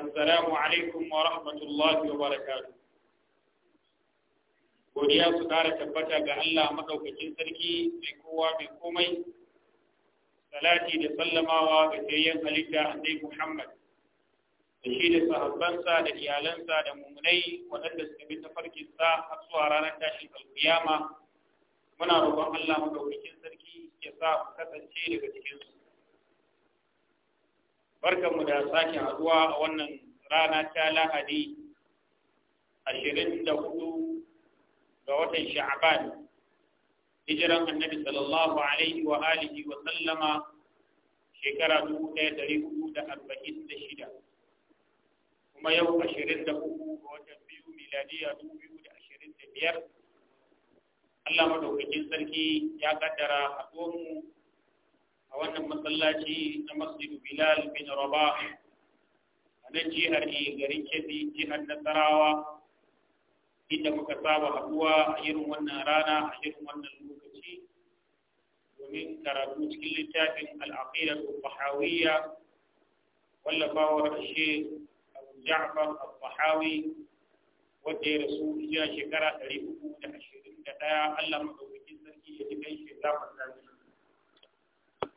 assalamu alaikum wa rahmatullahi wa godiya su kara tabbata ga Allah maɗaukakin sarki mai kowa mai komai salati da sallamawa ga sayyan halitta annabi Muhammad da shi da sahabbansa da iyalansa da mumunai waɗanda suka bi tafarkinsa har zuwa ranar tashin alƙiyama muna roƙon Allah maɗaukakin sarki ya sa mu kasance daga cikinsu mu da sake haduwa a wannan rana ta lahadi ashirin da hudu ga watan sha'ban hijiran annabi sallallahu alaihi wa alihi wa sallama shekara dubu ɗaya dari hudu da arba'in da shida kuma yau ashirin da ga watan biyu miladiya dubu biyu da ashirin da biyar Allah madaukakin sarki ya kaddara haɗuwanmu a wannan masallaci na masjidu bilal bin rabah a nan jihar garin kebbi jihar nasarawa inda muka saba haɗuwa a irin wannan rana a irin wannan lokaci domin karatu cikin littafin al'aqidar fahawiyya wallafawar shi abu ja'far al wadda ya rasu hijira shekara 321 Allah madaukakin sarki ya ji kai shekara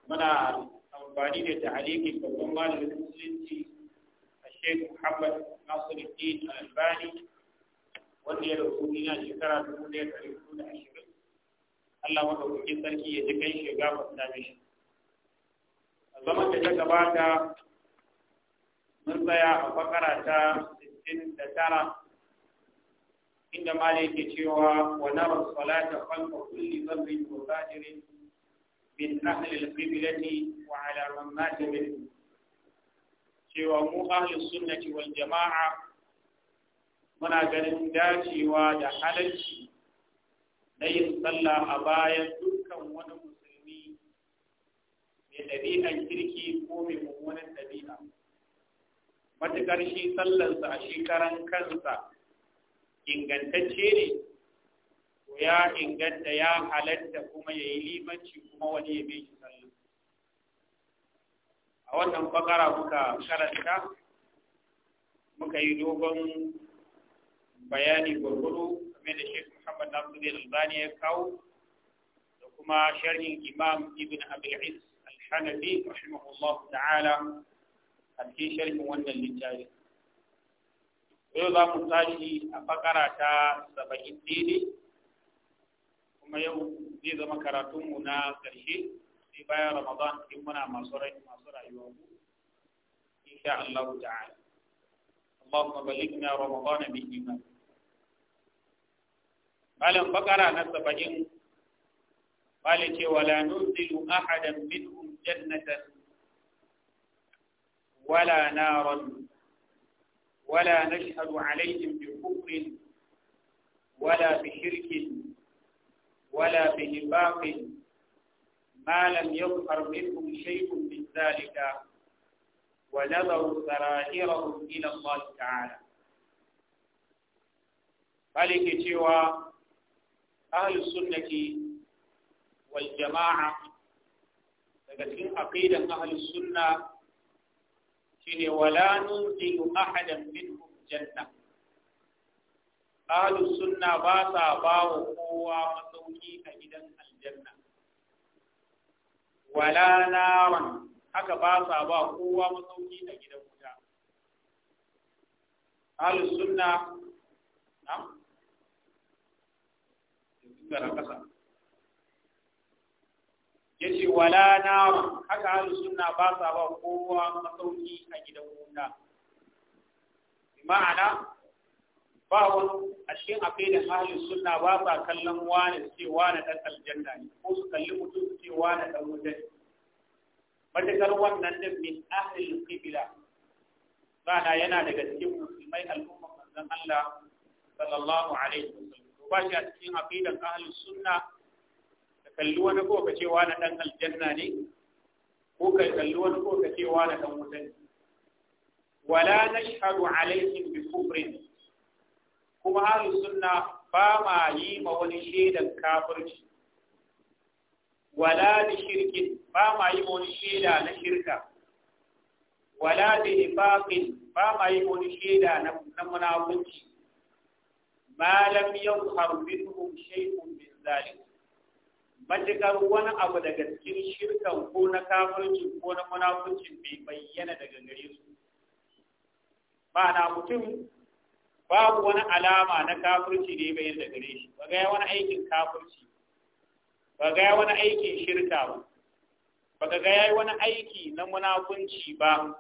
muna amfani da ta'alikin babban malamin musulunci a sheikh muhammad nasiruddin albani wanda ya rasu ina shekara dubu ɗaya ɗari hudu da ashirin allah maɗaukakin sarki ya ji kai shi gafar ta mishi a zaman da ta gabata mun tsaya a fakara ta sittin da tara inda mala yake cewa wa nara salata khalfa kulli dhanbin wa fajirin من أهل القبلة وعلى من مات منهم cewa mu ahlus sunnati wal jama'a muna ganin dacewa da halarci na yin sallah a bayan dukkan wani musulmi mai dabi'an kirki ko mai mummunan ɗabi'a matuƙar shi sallarsa a shekaran kansa ingantacce ne ya inganta ya halatta kuma ya yi limanci kuma wani ya mai shi sallu a wannan bakara muka karanta muka yi dogon bayani gwargwado game da Sheikh Muhammad Nasir Albani ya kawo da kuma sharhin Imam Ibn Abdul Aziz al rahimahullah ta'ala a cikin sharhin wannan littafi. Yau za mu tashi a bakara ta saba'in daidai kuma yau zai zama karatunmu na ƙarshe sai bayan ramadan in muna masu masu rayuwa mu insha Allah ta'ala Allahumma balighna ramadan bi iman malam bakara na 70 bale ce wala nuzilu ahadan minhum jannatan ولا نارا ولا نشهد عليهم بكفر ولا بشرك ولا به ما لم يظهر منهم شيء من ذلك ونظروا سرائرهم إلى الله تعالى فلك سوى أهل السنة والجماعة لكن عقيدة أهل السنة شنو ولا ننزل أحدا منهم جنة ahlus sunna ba sa ba wa kowa masauki a gidan aljanna wala naran haka ba sa ba kowa masauki a gidan wuta ahlus sunna na'am gara kasa yace wala naran haka ahlus sunna ba sa ba kowa masauki a gidan wuta ma'ana ba wani a cikin aqidar ahlus sunna ba sa kallon wani ce wani dan aljanna ne ko su kalli mutum su ce wani dan wuta ne matakar wannan din min ahlil qibla bana yana daga cikin musulmai al'umma manzon Allah sallallahu alaihi wasallam ba shi a cikin aqidar ahlus sunna ka kalli wani ko ka ce wani dan aljanna ne ko ka kalli wani ko ka ce wani dan wuta ne wala nashhadu alaihim bi kufrin kuma ahlus suna ba ma yi ma wani shaidan kafirci wala da shirkin ba ma yi wani shaida na shirka wala da ifaqin ba ma yi wani shaida na munafunci ma lam yuzhar minhum shay'un min zalik matakar wani abu daga cikin shirkan ko na kafirci ko na munafunci bai bayyana daga gare su ba na mutum babu wani alama na kafirci da ya bayyana gare shi ba ga wani aikin kafirci ba ga wani aikin shirka ba ba ga yayi wani aiki na munafunci ba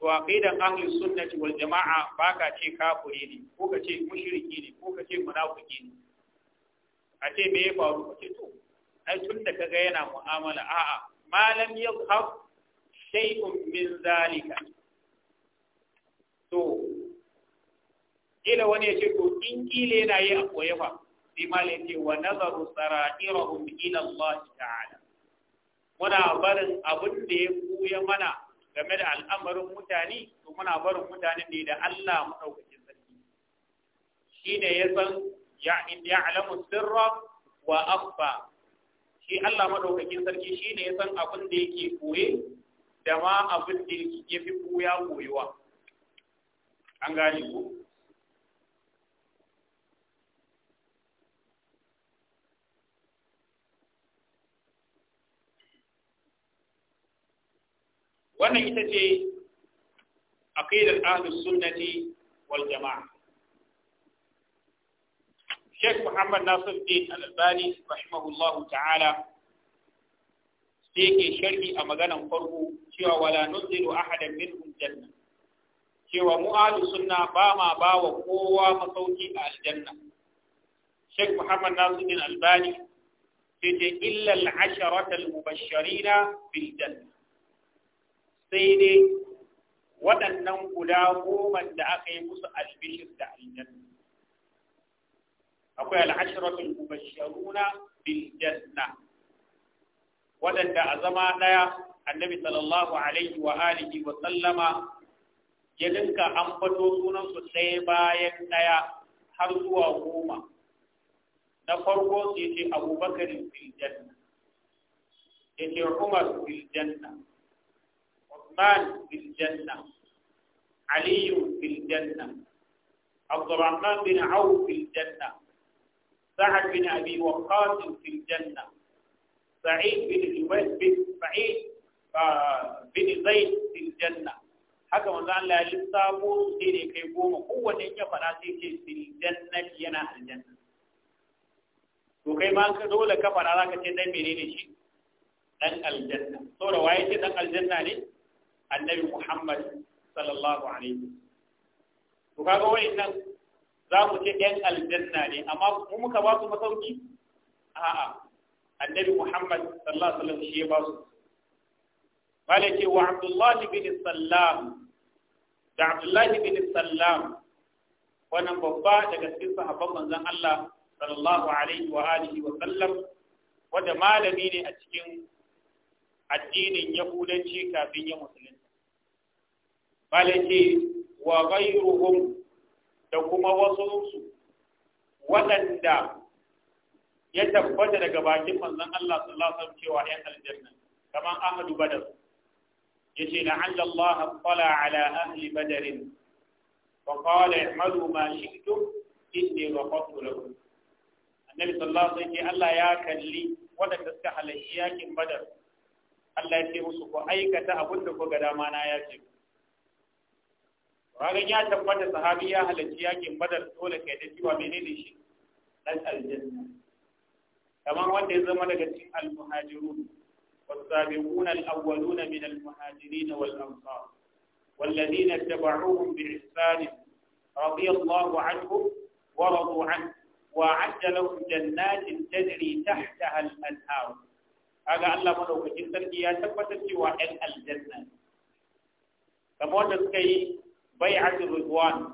to aqidan ahli sunnati wal jamaa ka ce kafiri ne ko ka ce mushriki ne ko ka ce munafiki ne a ce me ya faru ka ce to ai tun da kaga yana mu'amala a'a malam yadhhab shay'un min zalika to ila wani ya ce to in kile yana yi a koye fa sai malai ce wa nazaru sarairahum ila Allah ta'ala muna barin abin da ya kuya mana game da al'amarin mutane to muna barin mutane ne da Allah madaukakin sarki shine ya san ya in ya'lamu sirra wa akhfa shi Allah madaukakin sarki shine ya san abin da yake koye da ma abin da yake fi koya koyuwa an gane ku wannan ita ce kaidar ahlus sunnati wal jama'a Sheikh Muhammad Din Al-Albani rahimahullahu ta'ala sai yake sharhi a maganan farko cewa wala nuzilu ahadan minhum janna cewa mu ahlus sunna ba ma ba wa kowa masauki a aljanna Sheikh Muhammad Nasiruddin Al-Albani sai ce illa al-asharata al-mubashshirina bil janna sai dai waɗannan guda goma da aka yi musu albishir da aljanna akwai al'ashiratul mubashsharuna bil janna waɗanda a zama ɗaya annabi sallallahu alaihi wa alihi wa sallama ya dinka ambato sunan su ɗaya bayan ɗaya har zuwa goma na farko sai ce abubakar bil janna ya ce umar bil janna عثمان في الجنة علي في الجنة عبد الرحمن بن عوف في الجنة سعد بن أبي وقاص في الجنة سعيد بن جبير بن سعيد بن زيد في الجنة haka manzo Allah ya lissafo sai ne kai goma kowanne ya fara sai ce fil jannati yana aljanna to kai ma ka dole ka fara zaka ce dan menene shi dan aljanna saboda waye ce dan aljanna ne annabi Muhammad sallallahu alaihi to kaga nan za mu ce ɗan aljanna ne amma mu muka ba su masauki a'a annabi Muhammad sallallahu alaihi wasallam shi ya ba su malaki wa Abdullah bin Sallam da Abdullah bin Sallam wannan babba daga cikin sahabban manzon Allah sallallahu alaihi wa alihi wa sallam wanda malami ne a cikin addinin yahudanci kafin ya musulunci malaki wa ghayruhum da kuma wasu su waɗanda ya tabbata daga bakin manzon Allah sallallahu alaihi wasallam cewa ƴan aljanna kaman Ahmadu Badar yace na Allah tala ala ahli Badr fa qala i'malu ma shi'tum inni ghafartu lakum annabi sallallahu alaihi wasallam Allah ya kalli waɗanda suka halarci yakin Badar Allah ya ce musu ko aikata abin da ku ga dama na ya ce ku bayan ya tabbata sahabi ya halarci yakin badar dole kai da cewa menene shi dan aljanna kamar wanda ya zama daga cikin almuhajirun والسابقون الأولون من المهاجرين والأنصار والذين اتبعوهم بإحسان رضي الله عنهم ورضوا عنه وأعد لهم جنات تجري تحتها الأنهار هذا الله ملوك جدا يا تبت سوى الجنة كما تسكي بيعة الرضوان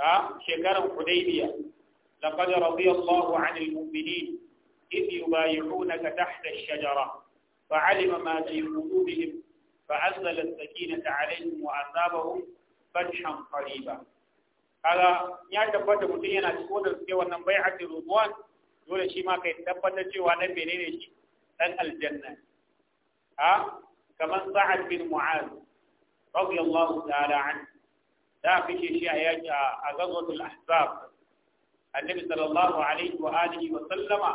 ها شكرا حديبية لقد رضي الله عن المؤمنين إذ يبايعونك تحت الشجرة فعلم ما في قلوبهم فأنزل السكينة عليهم وأثابهم فتحا قريبا هذا يعتبر مدينة تكون سيوانا بيعة الرضوان يقول شيء ما كي تبت سيوانا بنين شيء الجنة ها كمان سعد بن معاذ radiyallahu ta'ala an da kace shi a yaki a gazwatul ahzab annabi sallallahu alaihi wa wa sallama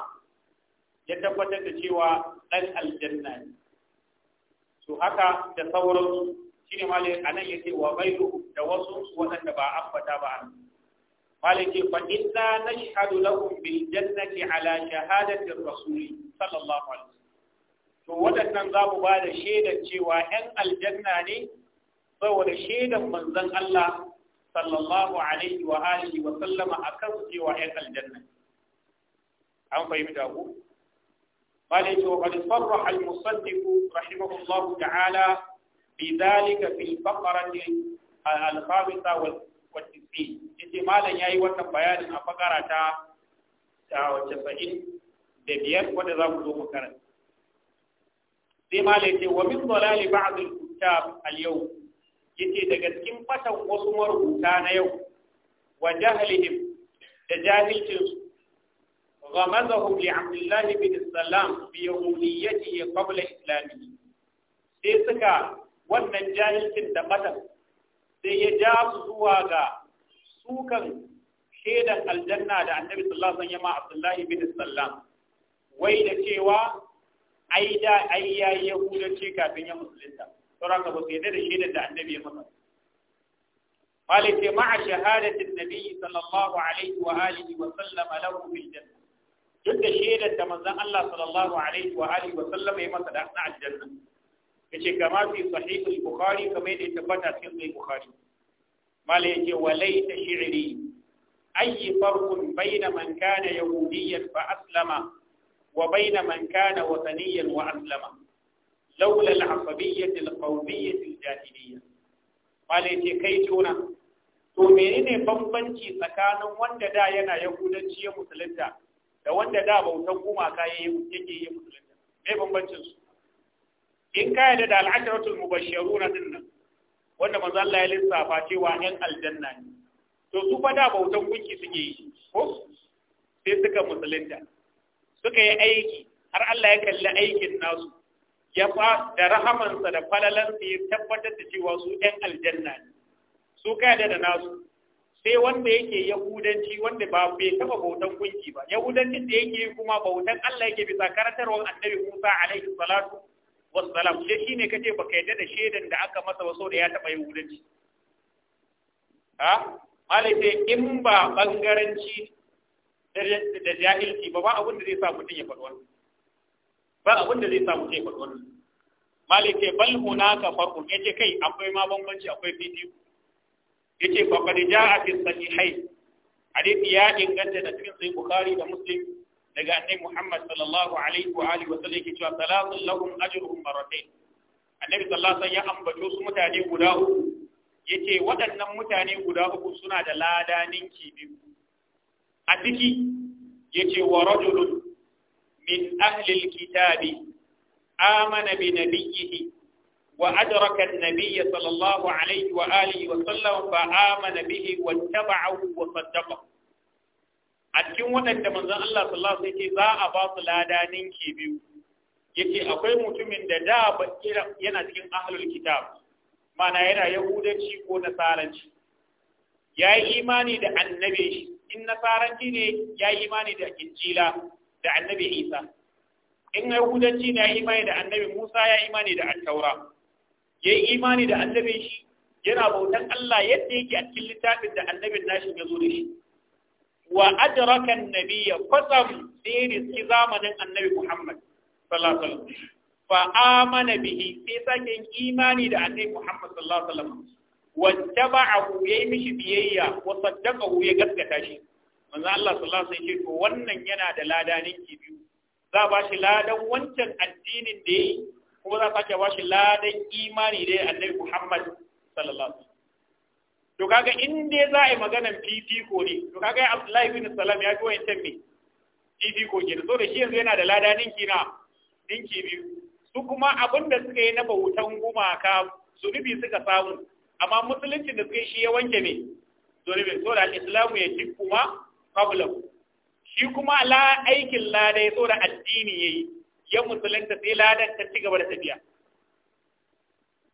ya tabbatar da cewa dan aljanna ne to haka da sauran shine malai anan yake wa bairu da wasu waɗanda ba ambata ba malai ce fa inna nashhadu lahum bil jannati ala shahadati rasuli sallallahu alaihi to waɗannan za mu ba da shaidar cewa ‘yan aljanna ne saboda shaidan manzon Allah sallallahu alaihi wa wa sallama akan su cewa ya aljanna an fahimta da ku bale to qad sarraha al musaddiq rahimahullah ta'ala bi dhalika fi al baqara al khamisa wal wattisi yace malan yayi wannan bayanin a bakara ta ta wace da biyar wanda za mu zo mu karanta sai malan yace wa min dalali ba'd al kutab al yawm yace daga cikin fatan wasu marubuta na yau wa jahlihim da jahilcin su, غمزهم لعبد الله بن السلام بيهوديته قبل إسلامه sai suka wannan jahilcin da batan sai ya ja su zuwa ga sukan shaidan aljanna da annabi sallallahu alaihi wasallam Abdullahi bin Salam. wai da cewa ai da ai ya yahudanci kafin ya musulunta saboda ka ba su yadda da shaidar da annabi ya masa قالت مع شهادة النبي صلى الله عليه وآله وسلم له في الجنة جد شهادة من الله صلى الله عليه وآله وسلم يما صدقنا على الجنة يشي كما في صحيح البخاري كما يتبتع في البخاري ما ليش وليت شعري أي فرق بين من كان يهوديا فأسلم وبين من كان وثنيا وأسلم laula al-asabiyyah al-qawmiyyah al-jahiliyyah wale ce kai tona to menene bambanci tsakanin wanda da yana yahudanci ya musulunta da wanda da bautan gumaka yake ya musulunta me bambancin su in ka yadda da al'asharatul mubashshiruna din nan wanda manzo Allah ya lissafa cewa 'yan aljanna ne to su fa da bautan gunki suke yi ko sai suka musulunta suka yi aiki har Allah ya kalli aikin nasu ya fa da rahamansa da falalansa ya tabbatar da cewa su ɗan aljanna ne su kada da nasu sai wanda yake yahudanci wanda ba bai taba bautan kunki ba yahudancin da yake kuma bautan Allah yake bisa karantarwar annabi Musa alaihi salatu wassalam sai shine kace baka yadda da shedan da aka masa ba saboda ya taba yahudanci ha malai sai in ba bangaranci da jahilci ba ba abin da zai sa mutum ya faɗi wannan ba abin da zai samu mutum ya faɗi malike bal hunaka farqun yace kai akwai ma bambanci akwai fiti yace fa qad jaa fi sahihain Hadithi ya inganta da cikin sahih bukhari da muslim daga annabi muhammad sallallahu alaihi wa alihi wa sallam yake cewa salatun lahum ajruhum marratayn annabi sallallahu alaihi ya ambato su mutane guda uku yace waɗannan mutane guda uku suna da lada ninki a ciki yace wa rajulun من أهل الكتاب آمن بنبيه وأدرك النبي صلى الله عليه وآله وسلم فآمن به واتبعه وصدقه a cikin waɗanda manzon Allah sallallahu alaihi za a basu lada ninki biyu yace akwai mutumin da da ba yana cikin ahlul kitab mana yana yahudanci ko nasaranci yayi imani da annabi in nasaranci ne yayi imani da injila da annabi Isa in yahudanci na imani da annabi Musa ya imani da attaura ya yi imani da annabi shi yana bautan Allah yadda yake a cikin littafin da annabin nashi ya zo da shi wa adraka annabiyya kwatsam sai riski zamanin annabi Muhammad sallallahu alaihi wasallam fa amana bihi sai sake imani da annabi Muhammad sallallahu alaihi wasallam wa tabahu yayi mishi biyayya wa saddaqahu ya gaskata shi manzo Allah sallallahu alaihi wasallam ce wannan yana da ladanin ki biyu za ba shi ladan wancan addinin da yi, kuma za sake ba shi ladan imani da Annabi Muhammad sallallahu alaihi wasallam to kaga in dai za a yi maganan fifiko ne to kaga Abdullahi bin Salam ya ji wancan me fifiko ke da to da shi yanzu yana da ladanin ki na ninki biyu su kuma abin da suka yi na bautan gumaka zunubi suka samu amma musulunci da suka yi shi ya wanke ne zunubin so da islamu ya ci kuma qablahu shi kuma la aikin lada ya da addini yayi ya musulunta sai ladan ta ci gaba da tafiya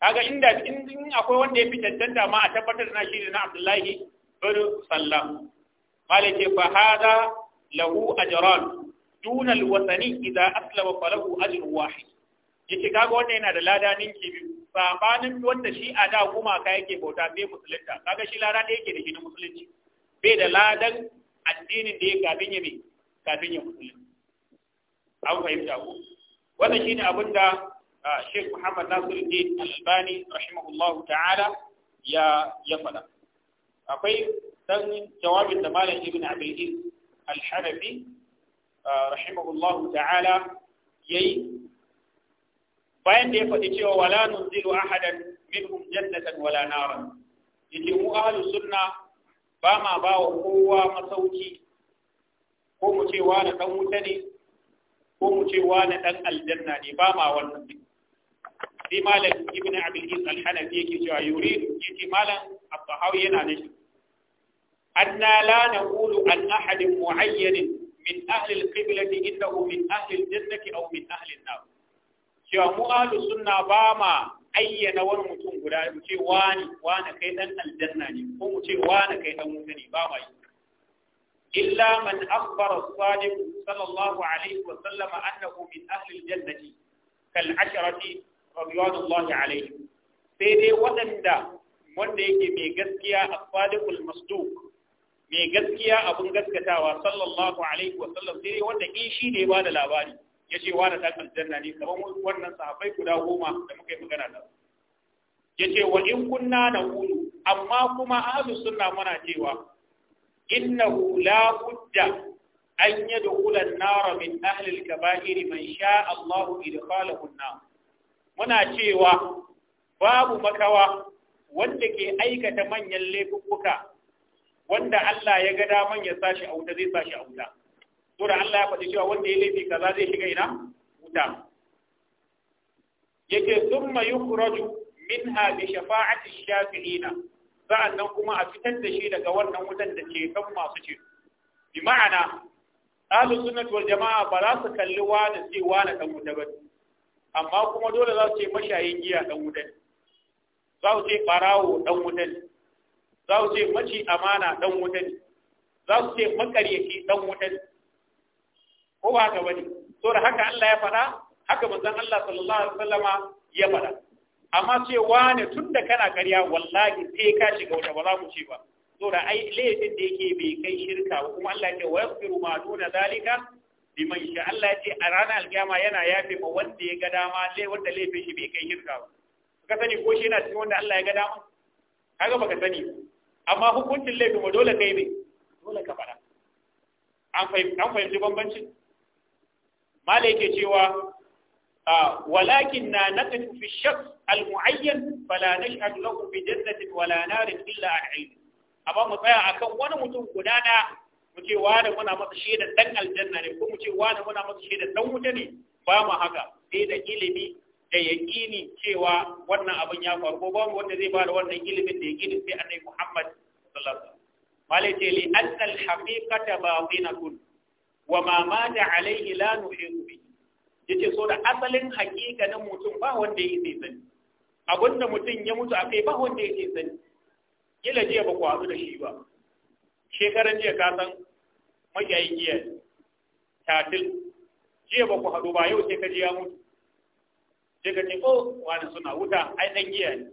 kaga inda in akwai wanda ya fi tantanta ma a tabbatar na shi na Abdullahi bin Sallam malai ce fa hada lahu ajran duna alwasani idza aslama falahu ajr wahid yace kaga wanda yana da lada ninki biyu sabanin wanda shi a da gumaka yake bauta sai musulunta kaga shi lada da yake da shi na musulunci bai da ladan addinin da ya kafin ya mai kafin ya an fahimta ku wannan shine abin da Sheikh Muhammad Nasiruddin Al-Albani rahimahullahu ta'ala ya ya faɗa akwai dan jawabin da Malam Ibn Abdul Al-Hanafi rahimahullahu ta'ala yayi bayan da ya faɗi cewa wala nunzilu ahadan minhum jannatan wala naran yace mu ahlus sunna ba ma ba wa kowa masauki ko mu ce wani ɗan wuta ne ko mu ce wani ɗan aljanna ne ba ma wannan ne sai malam ibn abdul is al-hanafi yake cewa yuri yace malam at-tahawi yana nishi anna la naqulu an ahad mu'ayyan min ahli al-qiblati innahu min ahli al-jannati aw min ahli an-nar cewa mu ahlus sunna ba ma ayyana wani mutum guda mu ce wani wani kai dan aljanna ne ko mu ce wani kai dan wuta ne ba ma yi illa man akhbara as-sadiq sallallahu alaihi wa sallam annahu min ahli al-jannati kal ashrati radiyallahu alaihi sai dai waɗanda wanda yake mai gaskiya as-sadiqul masduq mai gaskiya abun gaskatawa sallallahu alaihi wa sallam sai dai wanda in shi ne ba da labari ya ce wani ɗan janna ne kamar wannan sahabbai guda goma da muka yi magana da su ya ce wa in kunna na hudu amma kuma ahlu sunna muna cewa innahu la budda an yadkhula an-nara min ahli al-kaba'ir man sha'a Allahu idkhalahu an-nar muna cewa babu makawa wanda ke aikata manyan laifuffuka wanda Allah ya ga daman ya sashi a wuta zai sashi a wuta to da Allah ya faɗi cewa wanda ya laifi kaza zai shiga ina wuta yake thumma yukhraju minha bi shafa'ati shafi'ina sa'annan kuma a fitar da shi daga wannan wutan da ke kan masu ce bi ma'ana ahlus sunnati wal jama'a ba za su kalli wani sai wani dan wuta ba amma kuma dole za su ce mashayin giya dan wuta za su ce barawo dan wuta za su ce maci amana dan wuta za su ce makaryaci dan wuta ko ba haka bane to da haka Allah ya faɗa haka manzon Allah sallallahu alaihi wasallama ya faɗa amma ce wane da kana ƙarya wallahi sai ka shiga wata ba za mu ce ba to da ai laifin da yake bai kai shirka ba kuma Allah ya ce wa yaghfiru ma duna zalika liman sha Allah ya ce a ranar alkiyama yana yafe ma wanda ya ga dama wanda laifin shi bai kai shirka ba ka sani ko shi yana cikin wanda Allah ya ga dama kaga baka sani amma hukuncin laifin ma dole kai ne dole ka fara an fahimci bambancin malai ke cewa ah, walakin na naqin fi shak al muayyan fala nashhad lahu bi jannatin wala narin illa an ilmi amma mu tsaya akan wani mutum guda da mu ce wa wani muna masa shaidar dan aljanna ne ko mu ce wa wani muna masa shaidar dan wuta ne ba mu haka sai da ilimi da yaƙini cewa wannan abin ya faru ko ba mu wanda zai bada wannan ilimin da yaƙini sai annabi Muhammad sallallahu alaihi wasallam malai ce li anna al haqiqata batinatun wa ma da alaihi la nuhiru bi yace so da asalin hakika na mutum ba wanda ya sai sani abinda mutum ya mutu akai ba wanda ya sai sani kila jiya ba ku haɗu da shi ba shekaran jiya ka san makiyayin jiya tatil jiya ba ku haɗu ba yau sai ka ji ya mutu sai ka ce ko oh, wani suna wuta ai dan giya ne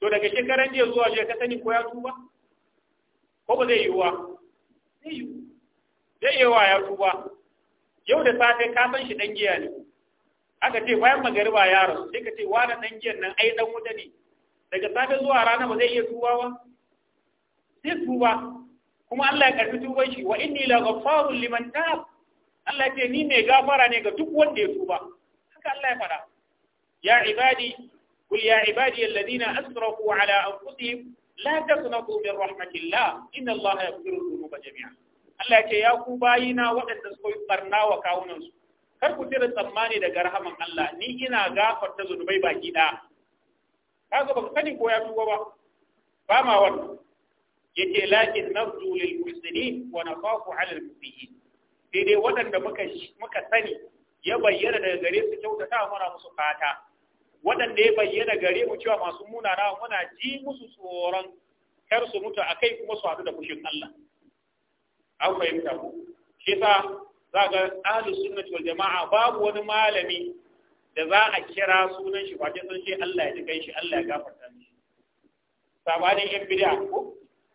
to daga shekaran jiya zuwa jiya ka sani ko ya tuba ko ba zai ba? zai yiwu zai iya wa yaro ba yau da safe ka san shi dan giya ne aka ce bayan magariba ya rasu sai ka ce wani dan giyan nan ai dan wuta ne daga safe zuwa rana ba zai iya tuba ba sai tuba kuma Allah ya karbi tuban shi wa inni la ghaffarun liman tab Allah ce ni mai gafara ne ga duk wanda ya tuba haka Allah ya fada ya ibadi kul ya ibadi alladhina asrafu ala anfusihim la taqnatu min rahmatillah inna Allah yaghfiru dhunuba jami'a Allah ce ya ku bayina waɗanda suka yi barna wa kawunansu kar ku tira tsammani daga rahaman Allah ni ina gafarta zunubai baki ɗaya kaga baka sani ko ya tuba ba ba ma wannan yake lakin nafzu lil muslimin wa nafaqu ala al muslimin sai dai waɗanda muka muka sani ya bayyana daga gare su kyautata mana musu fata waɗanda ya bayyana gare mu cewa masu munana muna ji musu tsoron kar su mutu akai kuma su haɗu da fushin Allah an fahimta ku shi za ga ahlus sunnati wal jama'a babu wani malami da za a kira sunan shi wace sun ce Allah ya ji shi Allah ya gafarta mishi sabanin yan bid'a ko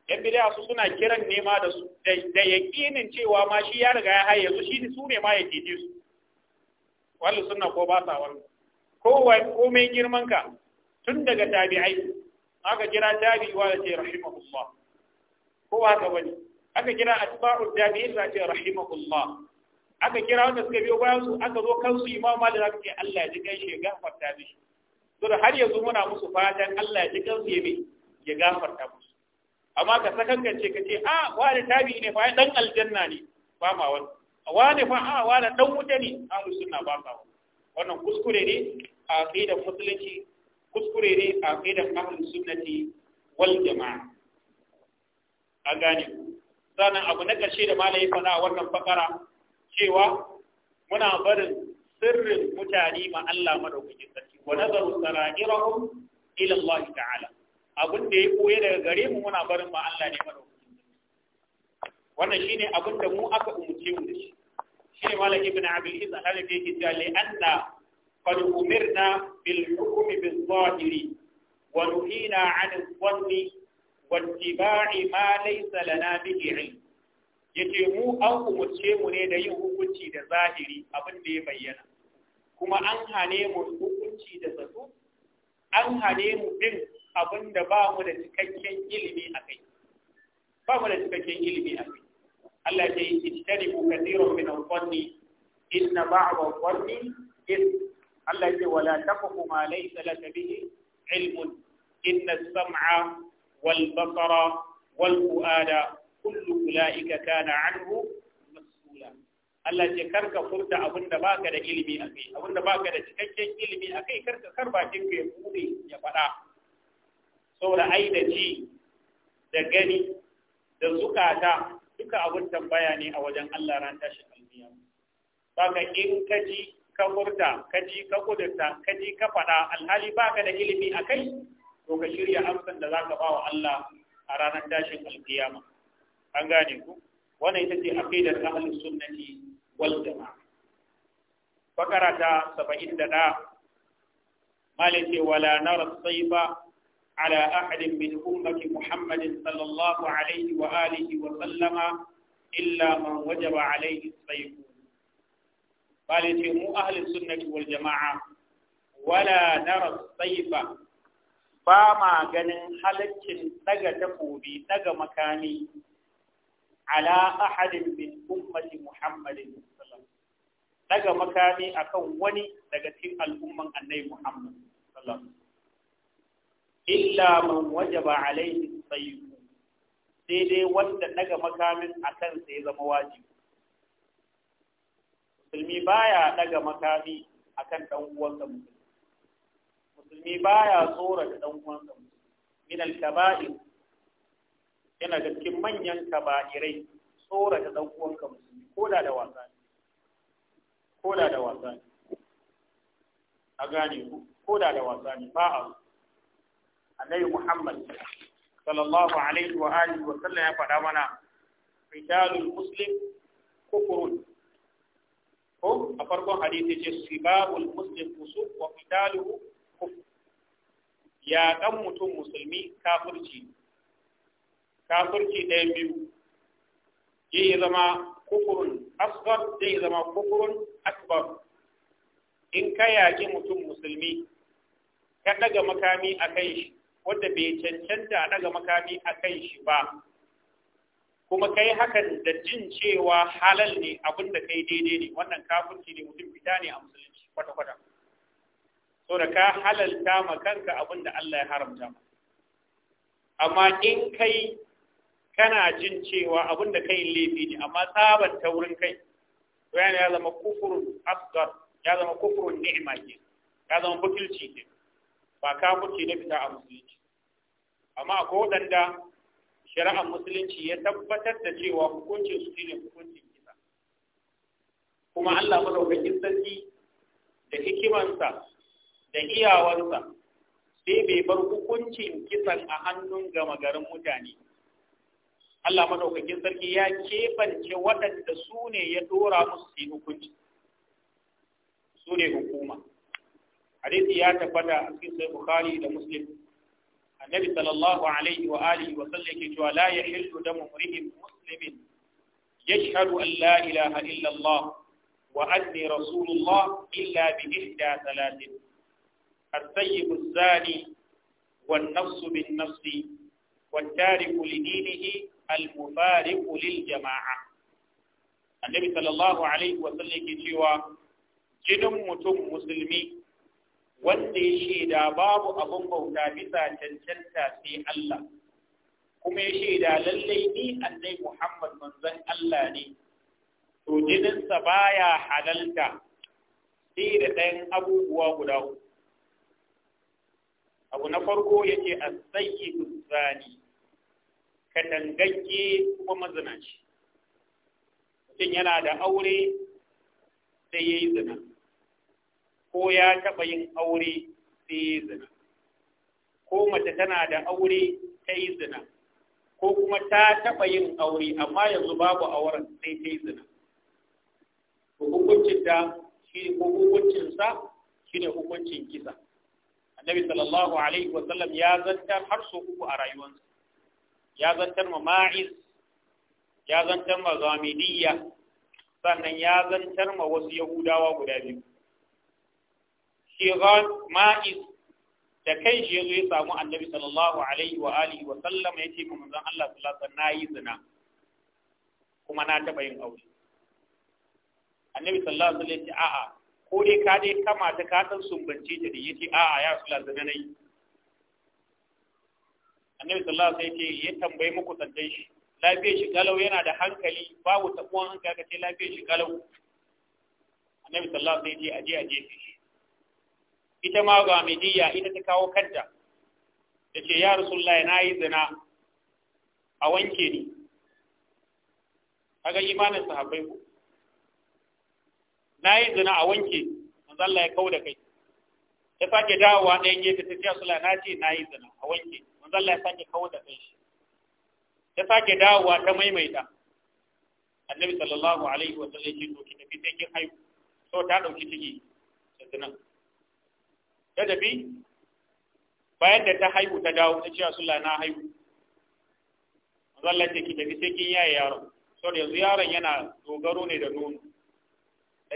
yan bid'a su suna kiran nema da su da yakinin cewa ma shi ya riga ya haye su shi su ne ma ya tece su wallu sunna ko ba sa wannan ko komai girman ka tun daga tabi'ai aka kira tabi'i wa da ce rahimahullah ko ba ka bane aka kira atba'u tabi'in za ce rahimahullah aka kira wanda suka biyo bayan su aka zo kansu imam malik za ce Allah ya ji kai shi gafarta mishi to da har yanzu muna musu fatan Allah ya ji kansu ya bi ya gafarta musu amma ka sakankance ka ce a ah, wani tabi'i ne fa dan aljanna ne ba ma wani wani fa a wani dan wuta ne ahlus suna ba sa wannan kuskure ne a aqidar musulunci kuskure ne a aqidar ahlus sunnati wal jama'a a gane ku sannan abu na ƙarshe da malai faɗa a wannan fakara cewa muna barin sirrin mutane ma Allah madaukakin sarki wa nazaru sara'irahum ila Allah ta'ala abin da ya koye daga gare mu muna barin ma Allah ne madaukakin sarki wannan shine abin da mu aka umurce mu da shi shine malai ibn abil iz halafi yake cewa li anna qad umirna bil hukmi bil zahiri wa nuhina 'an al-dhanni wattiba'i ma laysa lana bihi ilm yace mu an umurce mu ne da yin hukunci da zahiri abin da ya bayyana kuma an hane mu hukunci da zato an hane mu bin abin da ba mu da cikakken ilimi a kai ba mu da cikakken ilimi a kai Allah ya yi ijtanibu kathiran min al-dhanni inna ba'd al-dhanni Allah ya ce wala taqfu ma laysa laka bihi ilmun inna as-sam'a والبصر والفؤاد كل أولئك كان عنه مسؤولا Allah ce karka furta abin da baka da ilimi a kai abin da baka da cikakken ilimi a kai karka kar bakin ya bude ya faɗa saboda ai da ji da gani da zukata duka abin tambaya ne a wajen Allah ran tashi kalmiya baka in ka ji ka furta ka ji ka kudurta ka ji ka faɗa alhali baka da ilimi a kai ko ka shirya amsan da zaka ba wa Allah a ranar tashin alkiyama an gane ku wannan ita ce aqidar ahlus sunnati wal jamaa fakara ta 71 malike wala nara sayba ala ahadin min ummati muhammadin sallallahu alaihi wa alihi wa sallama illa man wajaba alaihi saybu malike mu ahlus sunnati wal jamaa wala nara sayba ba ma ganin halaccin daga takobi daga makami ala ahadin min ummati muhammadin sallallahu daga makami akan wani daga cikin al'umman annabi muhammad sallallahu illa man wajaba alaihi sayyid sai dai wanda daga makamin akan sai zama wajibi musulmi baya daga makami akan dan uwansa musulmi musulmi baya tsora da dan sa min al kaba'i yana da cikin manyan kaba'irai tsora da dan uwanka musulmi koda da wasa koda da wasa ne a gane ku koda da wasa ne ba a annabi Muhammad sallallahu alaihi wa alihi wa sallam ya faɗa mana rijalul muslim kufrun ko a farkon hadisi ce sibabul muslim fusuq wa qitaluhu Ya yaƙan mutum musulmi kafirci kafirci ɗayan biyu zai zama kufurin asgar zama kufurin akbar in ka yaƙi mutum musulmi ka ɗaga makami a kan shi wanda bai cancanta a ɗaga makami a kan shi ba kuma kai hakan da jin cewa halal ne abin da kai daidai ne wannan kafirci ne mutum fita ne a musulunci kwata-kwata So da ka halalta ma kanka abin da Allah ya haramta ma. amma in kai kana jin cewa abin da kai laifi ne amma tsaban ta wurin kai to yana ya zama kufurun asgar ya zama kufurun ni'ima ke ya zama bukilci ke ba ka kafirci na fita a musulunci amma akwai waɗanda shari'ar musulunci ya tabbatar da cewa hukuncin su ne hukuncin kisa kuma Allah madaukakin sarki da hikimansa da iyawarsa sai bai bar hukuncin kisan a hannun gama garin mutane Allah madaukakin sarki ya keɓance waɗanda su ne ya dora musu su hukunci su ne hukuma hadisi ya tabbata a cikin sai bukhari da muslim annabi sallallahu alaihi wa alihi wa sallam ke cewa la yahillu damu mri'in muslimin yashhadu an la ilaha illa Allah wa anni rasulullah illa bi ihda thalathin الثيب الزاني والنفس بالنفس والتارك لدينه المفارق للجماعة النبي صلى الله عليه وسلم كتوى جنم متم مسلمي wanda ya shaida babu abin bauta bisa cancanta sai Allah kuma ya shaida lallai ni annai Muhammad manzon Allah ne to jininsa baya halalta sai da ɗayan abubuwa guda uku abu na farko yake a sayyidu zani katangagge kuma mazinaci mutum yana da aure sai ya yi zina ko ya taɓa yin aure sai ya yi zina ko mace tana da aure ta yi zina ko kuma ta taɓa yin aure amma yanzu babu auren sai ta yi zina hukuncin ta shi ko hukuncinsa shi ne hukuncin kisa annabi sallallahu alaihi wasallam ya zantar har so uku a rayuwarsa ya zantar ma ma'iz ya zantar ma zamidiyya sannan ya zantar ma wasu yahudawa guda biyu shigan ma'iz da kai shi yazo ya samu annabi sallallahu alaihi wa alihi wa sallam ya ce ma manzon Allah sallallahu alaihi wasallam nayi zina kuma na taba yin aure annabi sallallahu alaihi wa sallam ya ce a'a ko dai ka dai kama ta ka san sumbance ta ya ce a'a ya sula zana na annabi sallallahu alaihi wasallam ya tambayi muku tsantai shi lafiyar shi galau yana da hankali babu tabuwan hankali ka ce lafiyar shi galau annabi sallallahu alaihi wasallam ya ce aje aje shi ita ma ga midiya ita ta kawo kanta ta ce ya rasulullahi na yi zina a wanke ni kaga imanin sahabbai ko. na yi zina a wanke manzo Allah ya kau da kai ya sake dawowa ɗayan gefe ta ce sula na ce na yi zina a wanke manzo Allah ya sake kau da kai shi ya sake dawowa ta maimaita annabi sallallahu alaihi wa sallam ya ce ki tafi sai kin haihu so ta dauki ciki da zinan ta tafi bayan da ta haihu ta dawo ta ce sula na haihu manzo Allah ya ce ki tafi sai kin yaye yaron da yanzu yaron yana dogaro ne da nono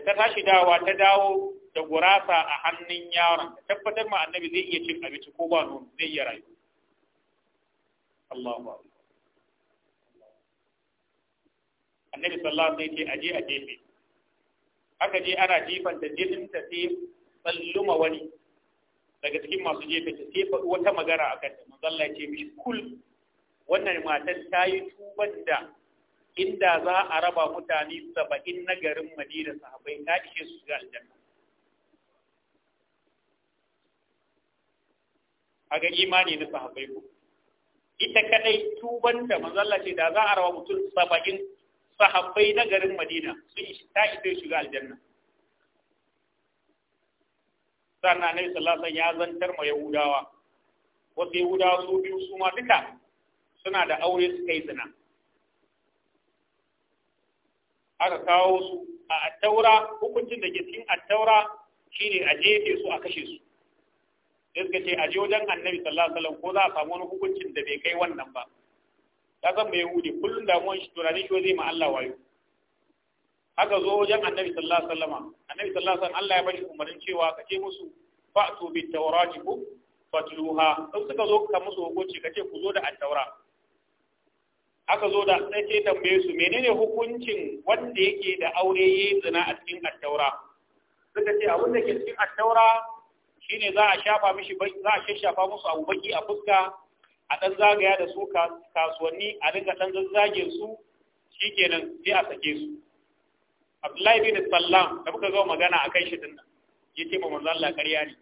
da ta tashi dawa ta dawo da gurasa a hannun yaron ta tabbatar ma annabi zai iya cin abinci ko ba nono zai iya rayu Allahu akbar annabi sallallahu alaihi wasallam sai ce aje a jefe aka je ana jifan da jinin ta sai tsalluma wani daga cikin masu jefe ta sai faɗi wata magana a ta manzo Allah ya ce mishi kul wannan matan ta yi tuban da inda za a raba mutane saba'in na garin madina sahabai ta ishe su ga aljanna a ga imani na sahabai ko ita kadai tuban da manzalla ce da za a raba mutum saba'in sahabai na garin madina ishe ta su shiga aljanna sannan annabi sallallahu alaihi ya zantar ma yahudawa wasu yahudawa su biyu su ma duka suna da aure su kai zina aka kawo su a attaura hukuncin da ke cikin attaura shine a jefe su a kashe su sai suka ce a je wajen annabi sallallahu alaihi wasallam ko za a samu wani hukuncin da bai kai wannan ba ka san mai yahudi kullum damuwan shi tunanin shi zai ma Allah wayo haka zo wajen annabi sallallahu alaihi wasallam annabi sallallahu alaihi wasallam Allah ya bashi umarnin cewa ka ce musu fa'tu bi tawratikum fatluha in suka zo ka musu hukunci ka ce ku zo da attaura aka zo da sai ce tambaye su menene hukuncin wanda yake da aure yi zina a cikin attaura suka ce abin da ke cikin attaura shine za a shafa mishi za a shafa musu abu baki a fuska a dan zagaya da su kasuwanni a dinga dan zage su shikenan sai a sake su Abdullahi bin Sallam da muka zo magana akan shi dinnan yace ba manzo Allah ƙarya ne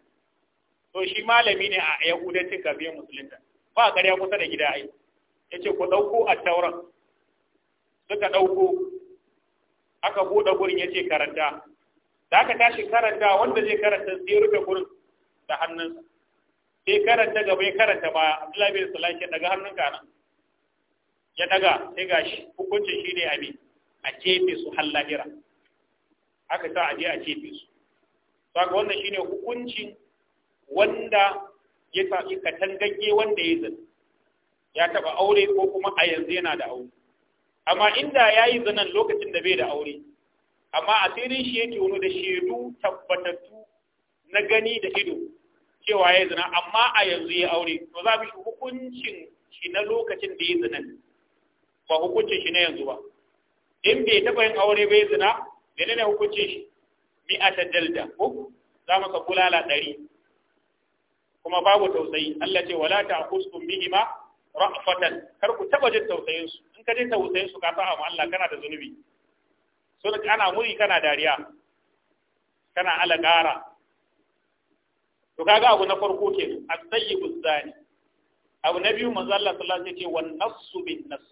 to shi malami ne a Yahudancin kafin musulunta ba ƙarya kusa da gida ai yace ku dauko a tauran suka dauko aka bude gurin yace karanta da aka tashi karanta wanda zai karanta sai rufe gurin da hannunsa sai karanta gaba ya karanta ba Abdullahi bin Sulaiman ya daga hannun kana ya daga sai gashi hukuncin shine abi a kefe su har lahira aka sa aje a kefe su saka wannan shine hukuncin wanda ya sa tangage wanda ya zai ya taba aure ko kuma a yanzu yana da aure amma inda ya yi zanen lokacin da bai da aure amma a sirin shi yake wani da shaidu tabbatattu na gani da ido cewa ya yi zanen amma a yanzu ya aure to za bi hukuncin shi na lokacin da ya zanen ba hukuncin shi na yanzu ba in bai taba yin aure bai zina nuna hukuncin shi mi a da ko za mu ka bulala ɗari kuma babu tausayi Allah ce wala ta kuskum bihima ra'fatan kar ku taba jin tausayin su in ka je tausayin su ka sa ma Allah kana da zunubi so da kana muri kana dariya kana alagara to kaga abu na farko ke as-sayyibu zani abu na biyu manzo Allah sallallahu alaihi wasallam yace wan nafsu bin nafs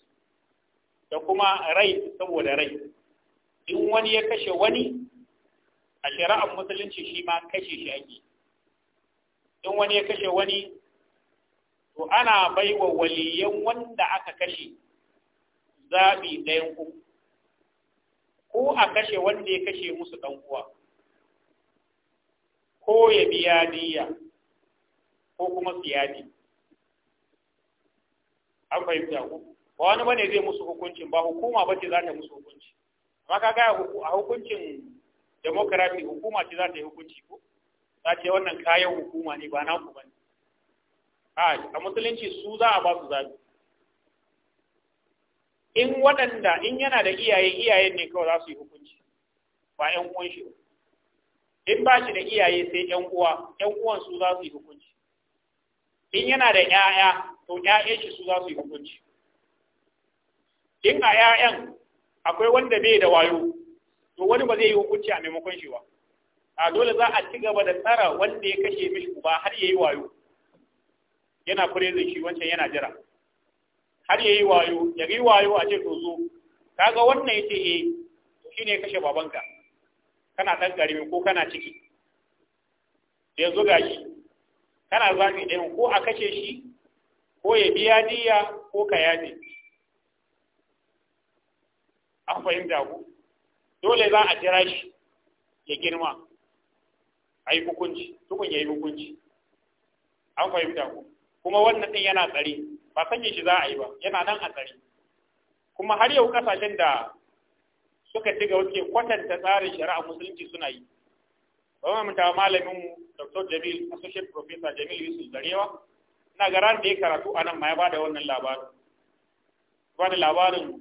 da kuma rai saboda rai in wani ya kashe wani a shari'ar musulunci shi ma kashe shi ake in wani ya kashe wani to ana baiwa waliyan wanda aka kashe zaɓi ɗayan uku ko a kashe wanda ya kashe musu ɗan uwa ko ya biya niyya ko kuma siyadi an fahimta ku ba wani bane zai musu hukuncin ba hukuma ba ce za ta musu hukunci amma ka ga a hukuncin demokarasi hukuma ce za ta yi hukunci ko za ta yi wannan kayan hukuma ne ba naku ba ne a musulunci su za a ba su zabi in waɗanda in yana da iyaye iyayen ne kawai za su yi hukunci ba ƴan uwan shi in ba shi da iyaye sai ƴan uwa ƴan uwan su za su yi hukunci in yana da ƴaƴa to ƴaƴan shi su za su yi hukunci in a ƴaƴan akwai wanda bai da wayo to wani ba zai yi hukunci a maimakon shi ba a dole za a ci gaba da tsara wanda ya kashe mishi ba har ya yi wayo yana zai shi wancan yana jira har ya yi wayo ya yi wayo a ce to zo kaga wannan yace eh shi ne kashe babanka kana ɗan ƙarami ko kana ciki da yanzu ga shi kana zaɓi ɗayan ko a kashe shi ko ya biya diya ko ka yaje an fahimta ku dole za a jira shi ya girma a yi hukunci tukun ya yi hukunci an fahimta ku kuma wannan ɗin yana tsare ba sanya shi za a yi ba yana nan a tsare kuma har yau kasashen da suka diga wuce kwatanta tsarin shari'a musulunci suna yi ba ma mutawa malamin mu Dr. Jamil Associate Professor Jamil Yusuf Zarewa na garan da ya karatu a nan ma ya bada wannan labarin bada labarin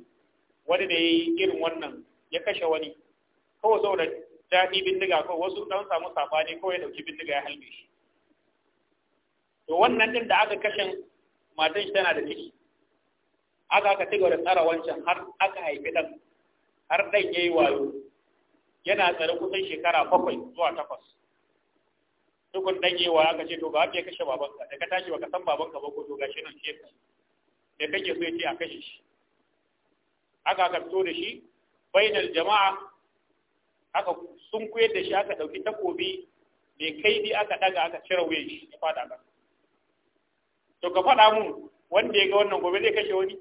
wani da ya yi irin wannan ya kashe wani kawai saboda daɗi bindiga ko wasu ɗan samu saɓani kawai ya ɗauki bindiga ya halbe shi to wannan din da aka kashin matan shi tana da ciki aka aka ci da tsara wancan har aka haifi dan har dan yayi wayo yana tsare kusan shekara bakwai zuwa takwas tukun dan yayi wayo aka ce to ba ake kashe babanka da ka tashi baka san babanka ba ko to gashi nan ka da kake so yace a kashe shi aka aka fito da shi bainal jama'a aka sun kuyar da shi aka dauki takobi mai kaidi aka daga aka cire wuyan shi ya fada ƙasa to ka faɗa mun wanda ya ga wannan gobe zai kashe wani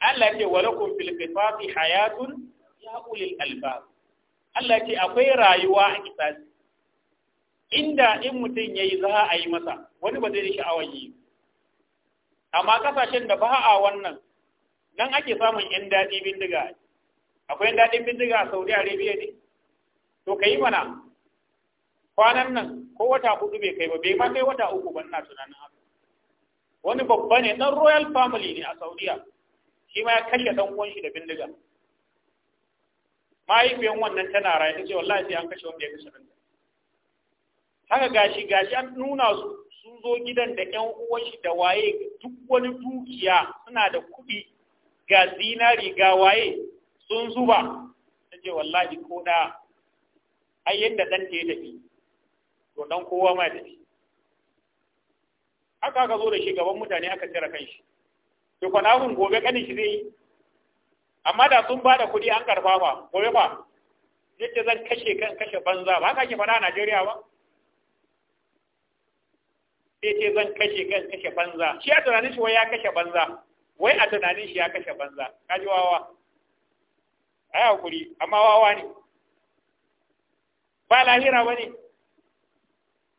Allah ce wa lakum fil qisasi hayatun ya ulil albab Allah ce akwai rayuwa a kisasi inda in mutum yayi za a yi masa wani ba zai sha'awar yi amma kasashen da ba a wannan nan ake samun yan daɗi bindiga akwai yan daɗin bindiga a Saudi Arabia ne to ka yi mana kwanan nan ko wata hudu bai kai ba bai ma kai wata uku ba ina tunanin haka wani babba ne dan royal family ne a saudiya shi ma ya karya dan uwan shi da bindiga mahaifiyan wannan tana raye ta ce wallahi sai an kashe wanda ya kashe bindiga haka gashi gashi an nuna su sun zo gidan da yan uwan shi da waye duk wani dukiya suna da kuɗi ga zinari ga waye sun zuba ta ce wallahi ko da ai yadda dan ta yi tafi to dan kowa ma ya tafi haka aka zo da shi gaban mutane aka cire kanshi to kwanahun gobe kanin shi zai yi amma da sun bada kuɗi an karfa ba gobe ba yake zan kashe kan kashe banza ba haka ke faɗa a Najeriya ba yake ce zan kashe kan kashe banza shi a tunanin shi wai ya kashe banza wai a tunanin shi ya kashe banza kaji wawa ai hakuri amma wawa ne ba lahira ba ne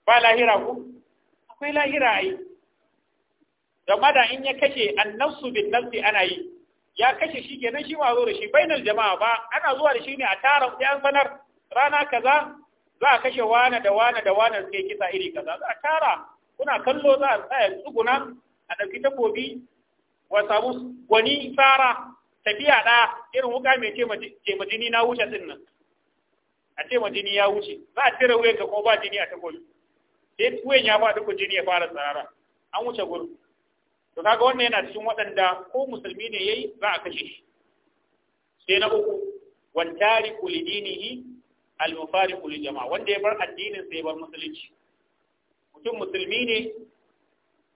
ba lahira ku akwai lahira ai da in ya kashe annafsu bin nafsi ana yi ya kashe shi kenan shi ma zo da shi bainal jama'a ba ana zuwa da shi ne a tara sai an sanar rana kaza za a kashe wani da wani da wani suke kisa iri kaza za a tara kuna kallo za a tsaya tsuguna a ɗauki takobi wa samu gwani tsara tafiya ɗaya irin wuka mai ce ma jini na wuce din nan a ce ma jini ya wuce za a cire wuyan ka ko ba jini a takobi sai wuyan ya faɗi ku jini ya fara tsara an wuce gurin to kaga wannan yana cikin waɗanda ko musulmi ne yayi za a kashe shi sai na uku wan tariku li dinihi al mufariqu li jama'a wanda ya bar addinin sai ya bar musulunci mutum musulmi ne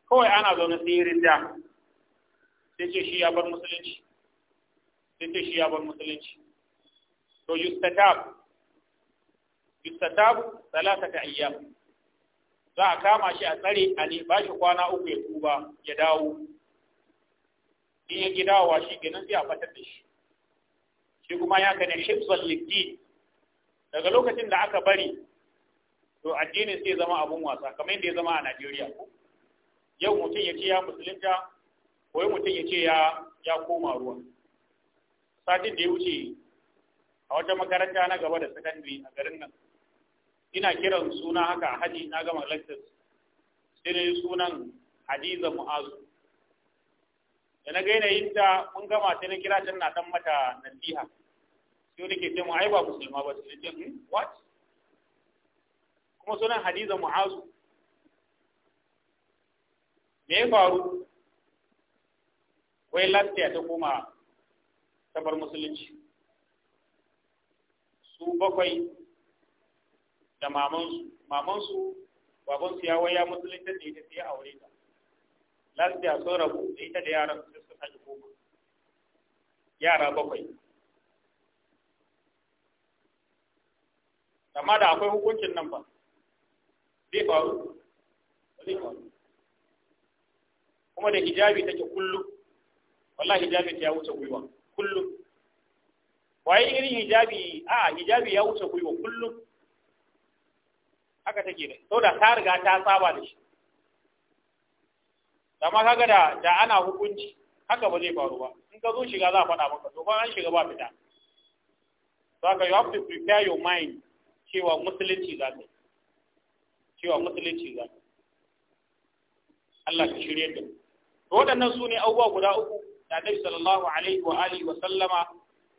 kawai ana zaune sai yi rinda sai ce shi ya bar musulunci sai ce shi ya bar musulunci to yustatab yustatab salatata ayyam za a kama shi a tsare a ne ba shi kwana uku ya tuba ya dawo in ya ki dawowa shi ginin sai a fatar da shi shi kuma ya kane hibzal liddi daga lokacin da aka bari to addinin sai zama abun wasa kamar yadda ya zama a Najeriya yau mutum ya ce ya musulunta ko mutum ya ce ya koma ruwa satin da ya wuce a wata makaranta na gaba da sakandare a garin nan ina kiran suna haka haji na gama lectures sai na sunan hadiza mu'azu da na gaina yanayin ta mun gama sai na kira ta na dan mata nasiha sai nake ce mu ai ba musulma ba sai ce hmm, what kuma sunan hadiza mu'azu me ya faru wai lafiya ta koma ta bar musulunci su bakwai da mamansu mamansu babansu ya waya musulunta da ita sai aure ta lafiya sun rabu da ita da yaran su suka sake goma yara bakwai amma da akwai hukuncin nan ba zai faru zai faru kuma da hijabi take kullum wallahi hijabi ta ya wuce gwiwa kullum waye irin hijabi a hijabi ya wuce gwiwa kullum haka take da saboda ta riga ta saba da shi amma kaga da da ana hukunci haka ba zai faru ba in ka zo shiga za a faɗa maka to an shiga ba fita za ka you have to prepare your mind cewa musulunci za ka cewa musulunci za ka Allah ka shirye da to waɗannan su ne abubuwa guda uku da Annabi sallallahu alaihi wa alihi wa sallama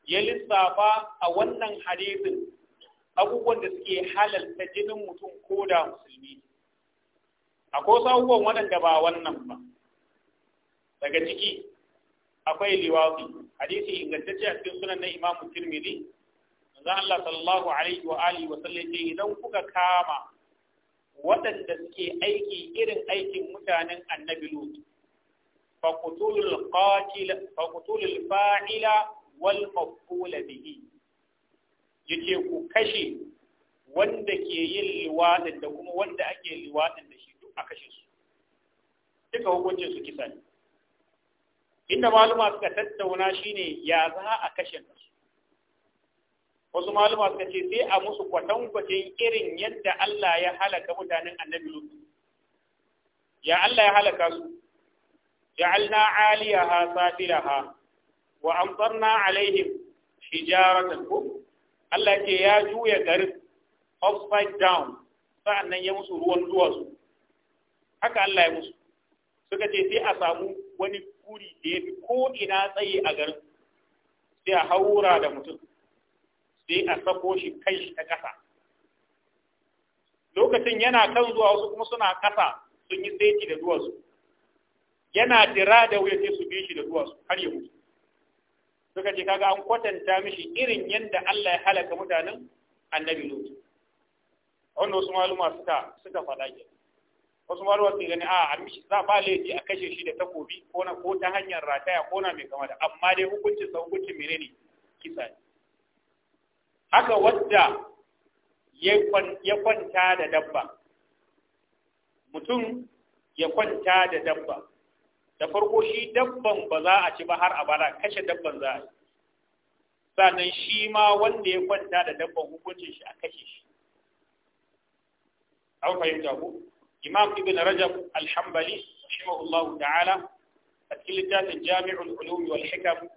ya lissafa a wannan hadisin abubuwan da suke halalta jinin mutum ko da musulmi akwai wasu abubuwan waɗanda ba wannan ba daga ciki akwai liwafi hadisi ingantacce a cikin sunan na Imam tirmidhi manzo Allah sallallahu alaihi wa alihi wa sallam idan kuka kama waɗanda suke aiki irin aikin mutanen annabi lut faqtulul qatil faqtulul fa'ila wal maf'ul bihi yace ku kashe wanda ke yin liwadin da kuma wanda ake liwadin da shi duk a kashe su duka hukuncin su kisa ne inda maluma suka tattauna shine ya za a kashe su wasu maluma suka ce sai a musu kwatankwacin irin yadda Allah ya halaka mutanen annabi Lut ya Allah ya halaka su ja'alna 'aliyaha safilaha wa amtarna 'alaihim hijaratan Allah ce ya juya garin upside down sa'annan ya musu ruwan duwatsu haka Allah ya musu suka ce sai a samu wani guri da ya fi ko ina tsaye a garin sai a haura da mutum sai a sako shi kai shi ta ƙasa lokacin yana kan zuwa wasu kuma suna ƙasa sun yi saiti da duwatsu yana tira da wuya sai su bi shi da duwatsu har ya mutu suka ce kaga an kwatanta mishi irin yadda Allah ya halaka mutanen annabi Lut wanda wasu maluma suka suka faɗa ke wasu maluma suka gani a an mishi za ba laifi a kashe shi da takobi ko na ko ta hanyar rataya ko na mai kama da amma dai hukuncin sa hukuncin menene kisa ne haka wadda ya kwanta da dabba mutum ya kwanta da dabba da farko shi dabban ba za a ci ba har abada kashe dabban za a yi sannan shi ma wanda ya kwanta da dabban hukuncin shi a kashe shi an fahimta ku imam ibn rajab alhambali rahimahullah ta'ala a cikin littafin jami'ul ulumi wal hikam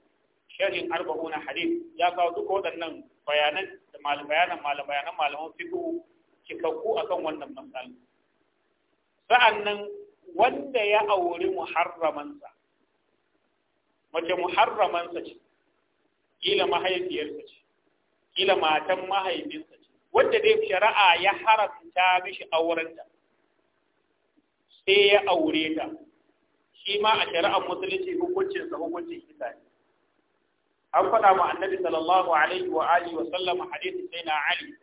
sharhin arba'una hadith ya kawo duka waɗannan bayanan da malabayanan malabayanan malaman fiqh cikakku akan wannan matsala sa'annan wanda ya auri muharramansa mace muharramansa ce kila mahaifiyarsa ce kila matan mahaifinsa ce wanda dai shari'a ya haramta mishi aurenta sai ya aure ta shi ma a shari'ar musulunci hukuncin sa hukuncin kisa ne an faɗa ma annabi sallallahu alaihi wa alihi wa sallam hadisi sai na ali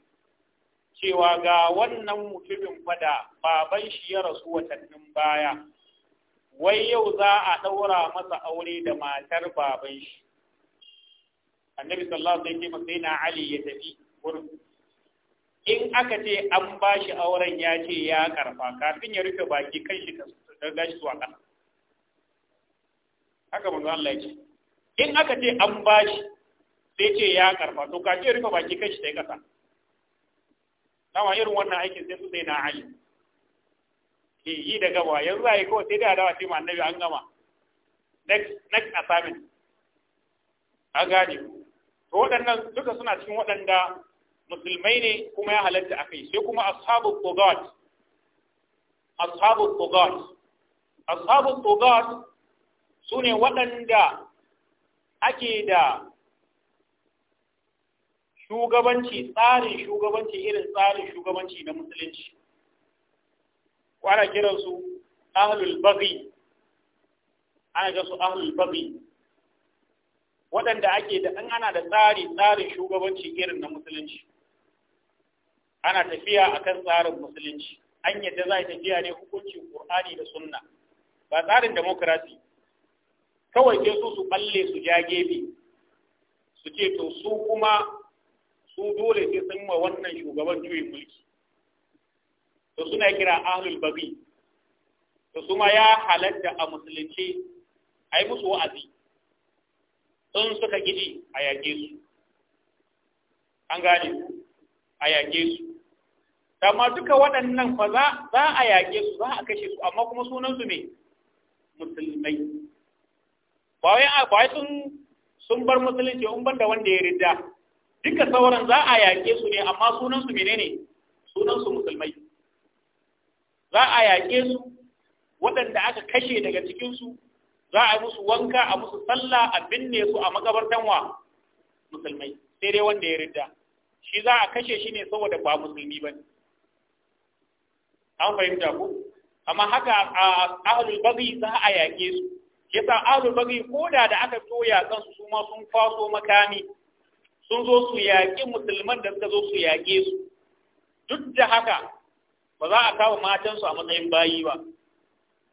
cewa ga wannan mutumin fada baban shi ya rasu watannin baya wai yau za a ɗaura masa aure da matar baban shi annabi sallallahu alaihi wasallam sai na ali ya tafi gurin in aka ce an ba shi auren ya ce ya karfa kafin ya rufe baki kan shi ta gashi zuwa ƙasa haka manzo Allah ya ce in aka ce an ba shi sai ce ya karfa to kafin ya rufe baki kan shi ta yi ƙasa kama irin wannan aikin sai su sai na ali ke yi da gaba, yanzu a yi kawai sai da dawa ce ma annabi an gama next assignment a gane ku to waɗannan duka suna cikin waɗanda musulmai ne kuma ya halatta a kai sai kuma ashabu tugat ashabu tugat ashabu tugat su ne waɗanda ake da shugabanci tsarin shugabanci irin tsarin shugabanci na musulunci kwana kiransu ahlul baghi ana ga su ahlul baghi waɗanda ake da an ana da tsari tsarin shugabanci irin na musulunci ana tafiya akan tsarin musulunci an yadda za a tafiya ne hukuncin qur'ani da sunna ba tsarin demokrasi kawai ke su su balle su ja gefe su ce to su kuma su dole sai sun wa wannan shugaban juyin mulki to suna kira ahlul babi to su ma ya halatta a musulunci a yi musu wa'azi sun suka gidi a yake su an gane a yake su amma duka waɗannan fa za a yake su za a kashe su amma kuma sunansu ne musulmai ba wai sun bar musulunci in banda wanda ya rida duka sauran za a yaƙe su ne amma sunansu menene sunansu musulmai za a yaƙe su waɗanda aka kashe daga cikinsu za a musu wanka a musu sallah a binne su a makabartan wa musulmai sai dai wanda ya ridda shi za a kashe shi ne saboda ba musulmi ba ne an fahimta ku amma haka a ahlul bagi za a yaƙe su yasa ahlul bagi ko da da aka toya kansu su ma sun faso makami sun zo su yaƙi musulman da suka zo su yaƙe su duk da haka ba za a kawo matansu a matsayin bayi ba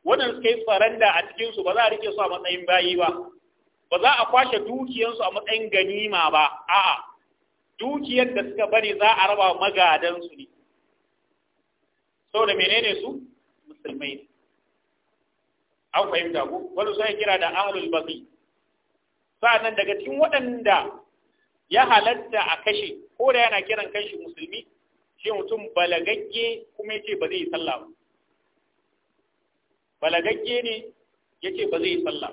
Wannan suka yi faranda a cikinsu ba za a rike su a matsayin bayi ba ba za a kwashe dukiyansu a matsayin ganima ba a'a dukiyar da suka bari za a raba magadansu ne saboda menene su musulmai ne an fahimta ku wani sai kira da ahlul baqi nan daga cikin waɗanda ya halatta a kashe ko da yana kiran kanshi musulmi shi mutum balagagge kuma ya ce ba zai yi sallah ba balagagge ne ya ce ba zai yi sallah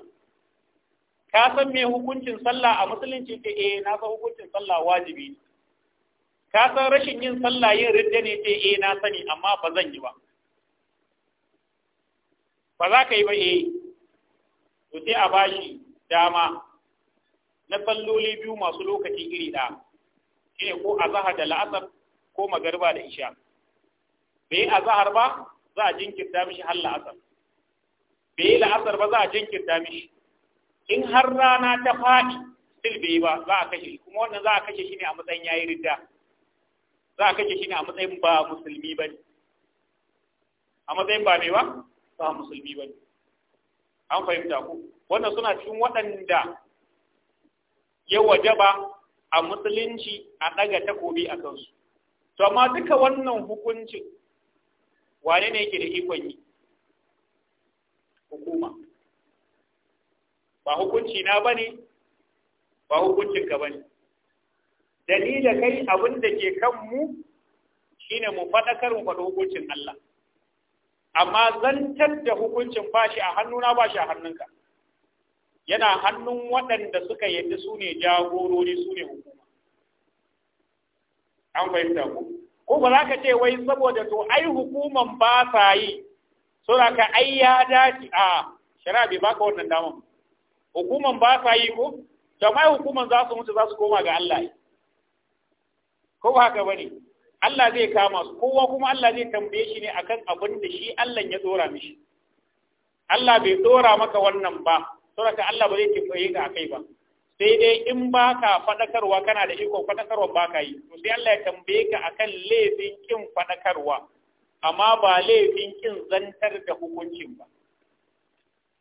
ka san me hukuncin sallah a musulunci ce eh na san hukuncin sallah wajibi ne ka san rashin yin sallah yin ridda ne ce eh na sani amma ba zan yi ba ba za ka yi ba eh to sai a bashi dama na salloli biyu masu lokaci iri ɗaya shine ko Azahar da la'asar ko magariba da isha bai yi Zahar ba za a jinkirta mishi har la'asar bai yi la'asar ba za a jinkirta mishi in har rana ta faɗi still bai yi ba za a kashe kuma wannan za a kashe shi ne a matsayin ya yi ridda za a kashe shi ne a matsayin ba musulmi ba ne a matsayin ba mai ba ba musulmi ba ne an fahimta ku wannan suna cikin waɗanda ya wajaba a musulunci a ɗaga takobi a kansu to amma duka wannan hukuncin wane ne ke da ikon yi hukuma ba hukunci na ba ne ba hukuncinka ba ne dalila kai abin da ke kanmu shine mu faɗakar mu faɗi hukuncin Allah amma zantar da hukuncin ba shi a hannuna ba shi a hannunka yana hannun waɗanda suka yadda su ne jagorori su ne hukuma an fahimta ku ko ba za ka ce wai saboda to ai hukuman ba sa yi saboda ka ai ya dace a shara bai baka wannan damar? hukuman ba sa yi ko mai hukuman za su mutu za su koma ga Allah ko ba haka bane Allah zai kama su kowa kuma Allah zai tambaye shi ne akan abin da shi Allah ya tsora mishi Allah bai tsora maka wannan ba saboda Allah ba zai tafi ka akai ba sai dai in ba ka faɗakarwa kana da iko faɗakarwa ba ka yi to sai Allah ya tambaye ka akan laifin kin faɗakarwa amma ba laifin kin zantar da hukuncin ba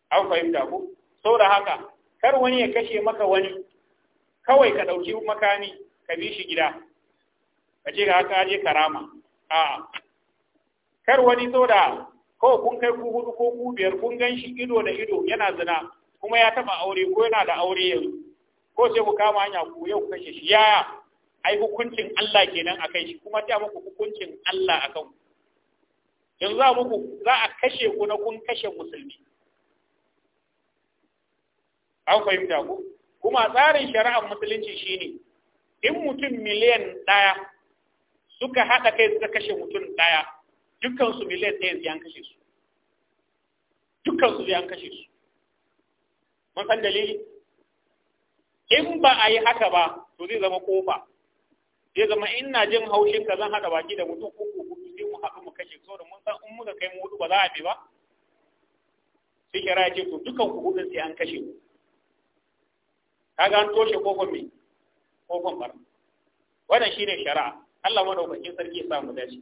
an fahimta ku saboda haka kar wani ya kashe maka wani kawai ka ɗauki makami ka bi shi gida ka ce ga haka je karama a kar wani saboda kawai kun kai ku hudu ko ku biyar kun gan shi ido da ido yana zina kuma ya taba aure ko yana da aure yanzu ko sai ku kama hanya ku yau ku kashe shi yaya ai hukuncin Allah kenan akai shi kuma ta muku hukuncin Allah akan ku yanzu za muku za a kashe ku na kun kashe musulmi an fahimta ku kuma tsarin shari'ar musulunci shine in mutum miliyan ɗaya suka haɗa kai suka kashe mutum ɗaya dukkan su miliyan ɗaya an kashe su dukkan su an kashe su mun san dalili in ba a yi haka ba to zai zama kofa zai zama ina jin haushin ka zan haɗa baki da mutum ko ko sai mu haɗu mu kashe so da mun san in muka kai mu hudu ba za a bi ba sai kira ce to dukan ku hudu sai an kashe ku kaga an toshe kofar me kofar bar wannan shine shari'a Allah madaukakin sarki ya samu dace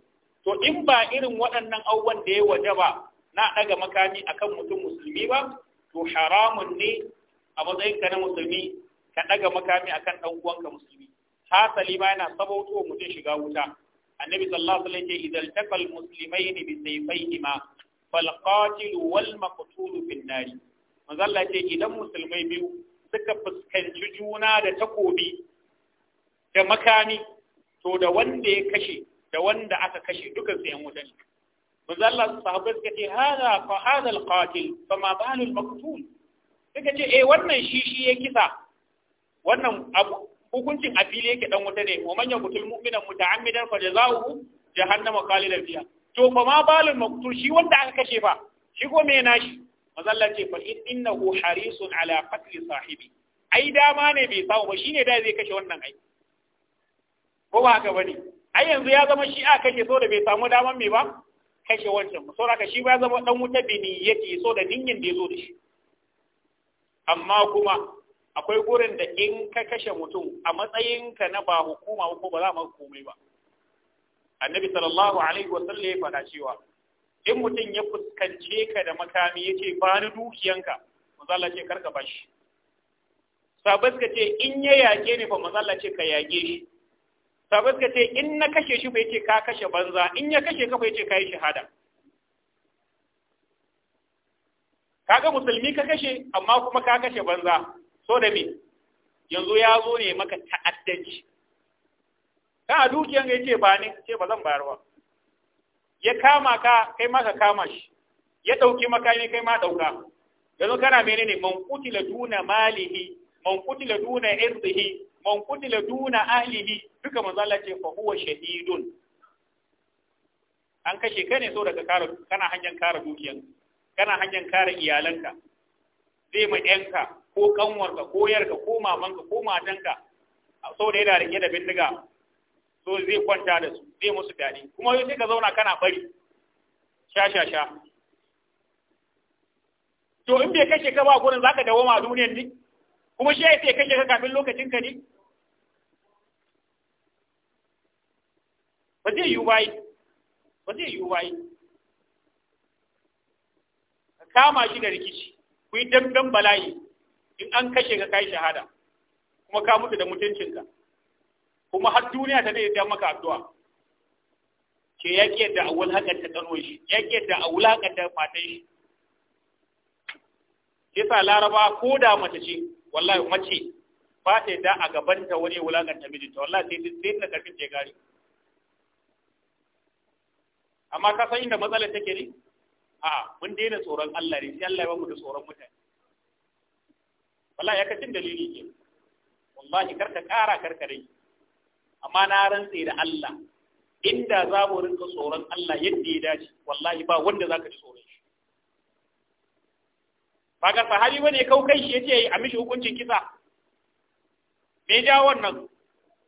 to in ba irin waɗannan abubuwan da ya waje ba na ɗaga makami akan mutum musulmi ba to haramun ne a matsayinka na musulmi ka ɗaga makami akan ɗan uwanka musulmi hasali ma yana sabautu mutum shiga wuta annabi sallallahu alaihi wasallam ce idan taqal muslimain bi sayfayhima fal qatil wal maqtul fi an-nar ce idan musulmai biyu suka fuskanci juna da takobi da makami to da wanda ya kashe da wanda aka kashe duka su yan wuta ne manzo Allah sahabbai suka ce hada fa hada alqatil fa ma suka ce eh wannan shi shi ya kisa wannan abu hukuncin a fili yake dan wuta ne wa man mutul mu'mina muta'ammidan fa jazahu jahannama qalila fiha to fa ma balul maqtul shi wanda aka kashe fa shi ko me na shi mazalla ce fa innahu harisun ala qatl sahibi ai dama ne bai samu ba shine da zai kashe wannan ai ko ba haka bane ai yanzu ya zama shi a kashe so da bai samu daman me ba kashe wancan mu saboda shi ba zama dan wuta bini yake so da ninyin da yazo da shi amma kuma akwai gurin da in ka kashe mutum a matsayin ka na ba hukuma ko ba za mu komai ba annabi sallallahu alaihi wasallam ya faɗa cewa in mutum ya fuskance ka da makami yace ba ni dukiyanka manzo Allah ce karka bashi sabas suka ce in ya yake ni, fa manzo Allah ce ka yage shi sabai suka ce in na kashe shi bai ce ka kashe banza in ya kashe ka bai ce ka yi shahada kaga musulmi ka kashe amma kuma ka kashe banza so da me yanzu ya zo ne maka ta'addanci ka dukiyan ya ce ba ni ce ba zan bayarwa. ya kama ka kai ma ka kama shi ya ɗauki makami kai ma ɗauka yanzu kana menene man kutila duna malihi man kutila duna irdihi man kutila duna ahlihi duka manzo Allah ce fa huwa shahidun an kashe ka ne so daga kara kana hanyar kare dukiyan kana hanyar kare iyalanka zai ma yanka ko kanwarka ko yarka ko mamanka ko matanka so da yana rike da bindiga so zai kwanta da su zai musu dadi kuma yau sai ka zauna kana bari sha sha sha to in bai kashe ka ba gurin zaka dawo ma duniyar ne kuma shi ya ce kashe ka kafin lokacin ka ne ba zai yiwu bayi ba zai yiwu bayi ka kama shi da rikici ku yi damben bala'i in an kashe ka kai shahada kuma ka mutu da mutuncinka kuma har duniya ta zai ta maka addu'a ke ya yadda a wulakanta tsaro shi ya yadda a wulakanta matan shi sa laraba ko da mace ce wallahi mace ba ta da a gabanta wani wulakanta mijinta wallahi sai sai na karfin ce gari amma ka san inda matsalar take ne a mun daina tsoron Allah ne sai Allah ya ba mu da tsoron mutane wallahi ya kacin dalili ke wallahi karka kara karka rai amma na rantse da Allah inda za mu rinka tsoron Allah yadda ya dace wallahi ba wanda zaka ji tsoron shi ba ga sahabi bane kau kai shi yace a mishi hukuncin kisa me ja wannan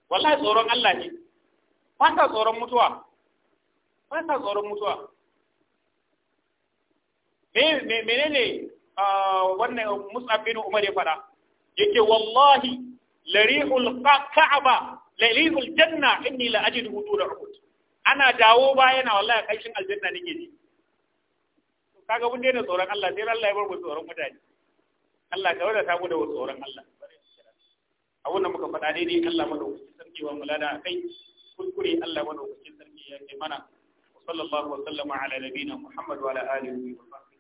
wallahi tsoron Allah ne ba tsoron mutuwa ba tsoron mutuwa me me menene ah, wannan Musa bin Umar ya fara yake wallahi larihul ka'aba larihul janna inni la ajidu hudur ana dawo ba yana wallahi shin aljanna nake ji kaga mun daina tsoron Allah sai Allah ya bar mu tsoron mutane Allah ka wada ta mu wa tsoron Allah abun da muka faɗa daidai Allah madaukakin sarki wa mulada kai kuskure Allah dauki sarki ya kai mana wa alaihi wa sallama ala nabina Muhammad wa ala alihi wa sahbihi